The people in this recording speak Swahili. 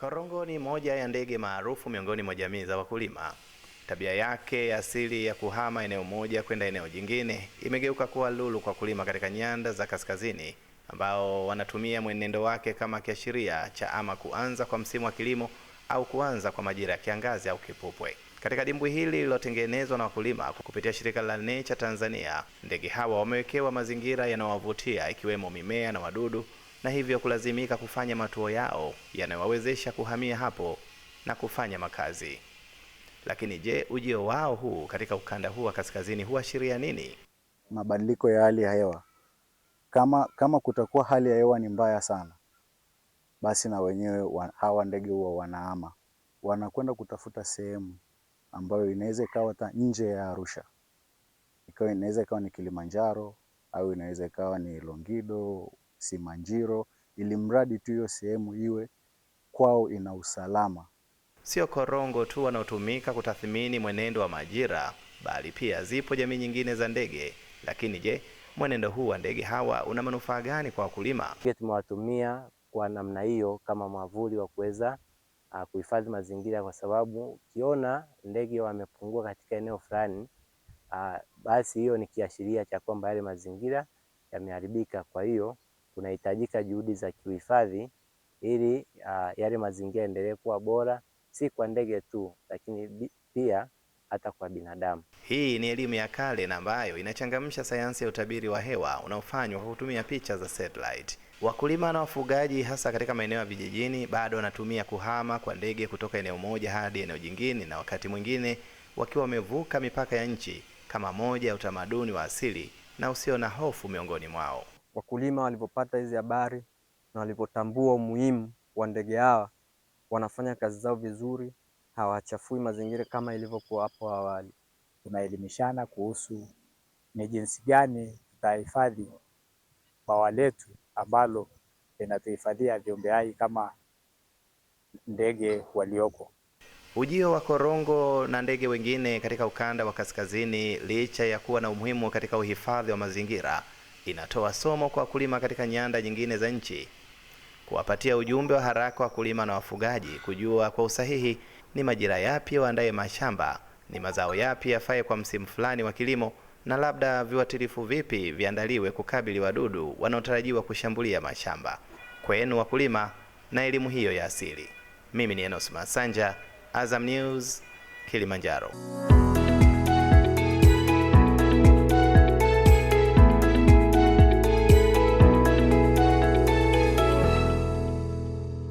Korongo ni moja ya ndege maarufu miongoni mwa jamii za wakulima. Tabia yake ya asili ya kuhama eneo moja kwenda eneo jingine imegeuka kuwa lulu kwa wakulima katika nyanda za kaskazini, ambao wanatumia mwenendo wake kama kiashiria cha ama kuanza kwa msimu wa kilimo au kuanza kwa majira ya kiangazi au kipupwe. Katika dimbwi hili lililotengenezwa na wakulima kupitia shirika la Nature Tanzania, ndege hawa wamewekewa mazingira yanayowavutia ikiwemo mimea na wadudu na hivyo kulazimika kufanya matuo yao yanayowawezesha kuhamia hapo na kufanya makazi. Lakini je, ujio wao huu katika ukanda huu wa kaskazini huashiria nini? Mabadiliko ya hali ya hewa. Kama, kama kutakuwa hali ya hewa ni mbaya sana, basi na wenyewe wa, hawa ndege huwa wanahama, wanakwenda kutafuta sehemu ambayo inaweza ikawa hata nje ya Arusha, ikawa inaweza ikawa ni Kilimanjaro au inaweza ikawa ni Longido Simanjiro, ili mradi tu hiyo sehemu iwe kwao ina usalama. Sio korongo tu wanaotumika kutathmini mwenendo wa majira, bali pia zipo jamii nyingine za ndege. Lakini je, mwenendo huu wa ndege hawa una manufaa gani kwa wakulima? Tumewatumia kwa namna hiyo kama mwavuli wa kuweza ah, kuhifadhi mazingira, kwa sababu ukiona ndege wamepungua katika eneo fulani, ah, basi hiyo ni kiashiria cha kwamba yale mazingira yameharibika. Kwa hiyo kunahitajika juhudi za kiuhifadhi ili uh, yale mazingira yaendelee kuwa bora, si kwa ndege tu, lakini pia hata kwa binadamu. Hii ni elimu ya kale na ambayo inachangamsha sayansi ya utabiri wa hewa unaofanywa kwa kutumia picha za satellite. Wakulima na wafugaji hasa katika maeneo ya vijijini bado wanatumia kuhama kwa ndege kutoka eneo moja hadi eneo jingine, na wakati mwingine wakiwa wamevuka mipaka ya nchi kama moja ya utamaduni wa asili na usio na hofu miongoni mwao. Wakulima walivyopata hizi habari na walivyotambua umuhimu wa ndege hawa, wanafanya kazi zao vizuri, hawachafui mazingira kama ilivyokuwa hapo awali. Tunaelimishana kuhusu ni jinsi gani tutahifadhi bawa letu ambalo linatuhifadhia viumbe hai kama ndege walioko. Ujio wa korongo na ndege wengine katika ukanda wa kaskazini licha ya kuwa na umuhimu katika uhifadhi wa mazingira inatoa somo kwa wakulima katika nyanda nyingine za nchi, kuwapatia ujumbe wa haraka wakulima na wafugaji kujua kwa usahihi ni majira yapi waandaye mashamba, ni mazao yapi yafaye kwa msimu fulani wa kilimo, na labda viuatilifu vipi viandaliwe kukabili wadudu wanaotarajiwa kushambulia mashamba. Kwenu wakulima na elimu hiyo ya asili. Mimi ni Enos Masanja, Azam News, Kilimanjaro.